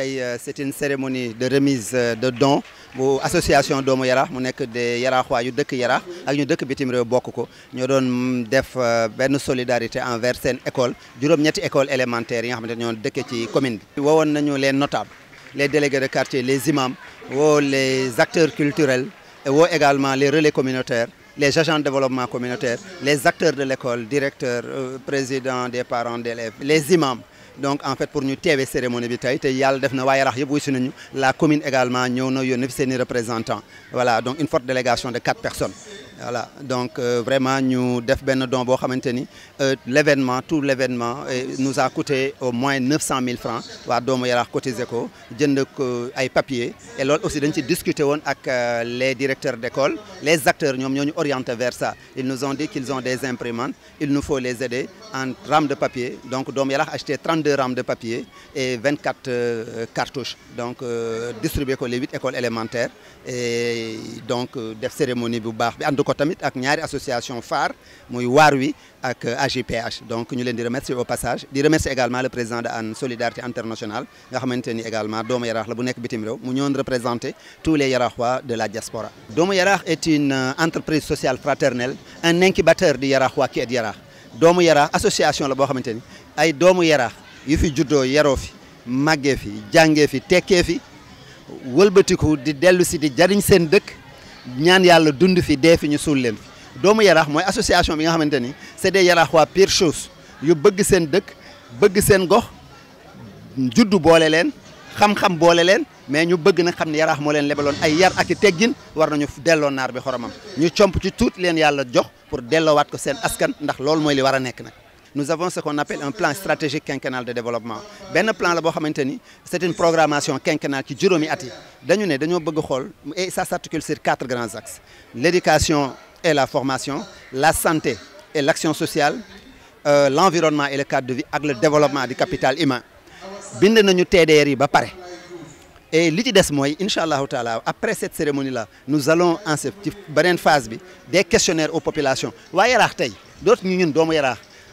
Euh, c'est une cérémonie de remise euh, de dons aux associations de Yara. Nous sommes des yaraaxwaa yu sommes Yara, ak ñu sommes bitim Nous euh, solidarité envers cette école est une école élémentaire qui nga une commune Nous les notables les délégués de quartier les imams les acteurs culturels et également les relais communautaires les agents de développement communautaire, les acteurs de l'école, directeurs, euh, présidents des parents d'élèves, les imams. donc en fait pour nous, TV cérémonie la commune également nous, na représentants voilà donc une forte délégation de quatre personnes voilà donc euh, vraiment nous def un don euh, l'événement tout l'événement euh, nous a coûté au moins 900 000 francs francs avons fait un don jënd ay papiers et aussi dañ discuter les directeurs d'école les acteurs nous orienté vers ça ils nous ont dit qu'ils ont des imprimantes il nous faut les aider en rames de papier donc nous avons acheté 32 rames de papier et 24 cartouches donc distribué ko les 8 écoles élémentaires et donc des cérémonie bu baax ko tamit ak ñaari association phare muy Warwi ak AGPH euh, donc ñu leen di remercier au passage di remercier également le président de Anne Solidarité Internationale nga xamanteni également Domo Yarah la bu nek bitim rew mu ñoon représenter tous les Yarahwa de la diaspora Domo Yarah est une euh, entreprise sociale fraternelle un incubateur de Yarahwa qui aide Yarah Domo Yarah association la bo xamanteni ay Domo Yarah yu fi juddo yaroo fi magge fi jàngee fi tekkee fi wëlbatiku di delu ci di jariñ sen dëkk ñaan yàlla dund fi dee fi ñu suul leen fi doomu yaraax mooy association bi nga xamante ni c'est des yaraax waa pire chose yu bëgg seen dëkk bëgg seen gox juddu boole leen xam-xam boole leen mais ñu bëgg nag xam ne yaraax moo leen lebaloon ay yar ak i teggin war nañu delloo naar bi xoromam ñu comp ci tuut leen yàlla jox pour delloowaat ko seen askan ndax loolu mooy li war a nekk nag nous avons ce qu'on appelle un plan stratégique quinquennal de développement le plan là c'est une programmation quinquennale qui dure at yi dañu ne bëgg et ça s'articule sur quatre grands axes l'éducation et la formation la santé et l'action sociale euh, l'environnement et le cadre de vie avec le développement du capital humain bind nañu TDR ba et l'idée, après cette cérémonie là nous allons en cette phase des questionnaires aux populations nous, nous, tey ñun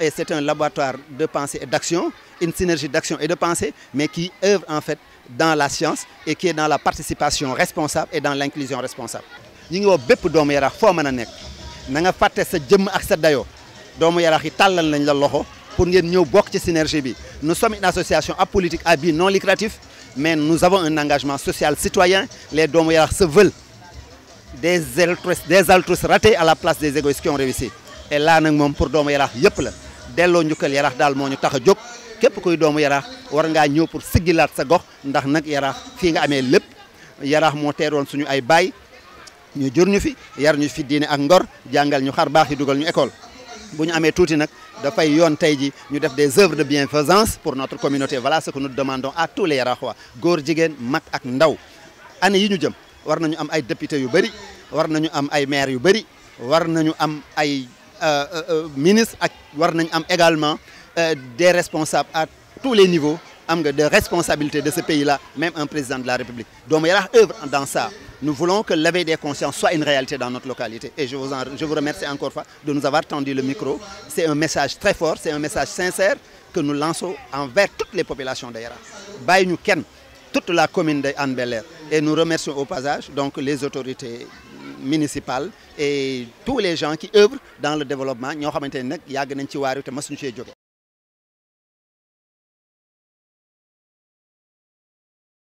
et c'est un laboratoire de pensée et d'action, une synergie d'action et de pensée, mais qui œuvre en fait dans la science et qui est dans la participation responsable et dans l'inclusion responsable. Nous sommes tous bépp doomu yara foo na nga fàtte sa nous ak sa dayoo doomu yara yi tàllal pour ngeen ñëw une synergie nous sommes une association apolitique à but non lucratif mais nous avons un engagement social citoyen les doomu se veulent des altruistes ratés à la place des égoïstes qui ont réussi et là nous sommes pour doomu yara yëpp delloo njukkal yaraax daal moo ñu tax a jóg képp kuy doomu yaraax war ngaa ñëw pour siggilaat sa gox ndax nag yaraax fii nga amee lépp yaraax moo teeroon suñu ay baay ñu jur ñu fi yar ñu fi diine ak ngor jàngal ñu xar baax yi dugal ñu école bu ñu amee tuuti nag dafay yoon tey ji ñu def des œuvres de bienfaisance pour notre communauté voilà ce que nous demandons à tous les Yarakhois góor jigéen mag ak ndaw année yi ñu jëm war nañu am ay député yu bëri war nañu am ay maire yu bëri war nañu am ay Euh, euh, euh, ministre également des responsables à tous les niveaux de responsabilité de ce pays-là même un président de la République Donc il y a œuvre dans ça nous voulons que l'éveil des consciences soit une réalité dans notre localité et je vous je vous remercie encore fois de nous avoir tendu le micro c'est un message très fort c'est un message sincère que nous lançons envers toutes les populations d'Aira. Yaraax toute la commune de anne et nous remercions au passage donc les autorités municipal et tous les gens qui œuvrent dans le développement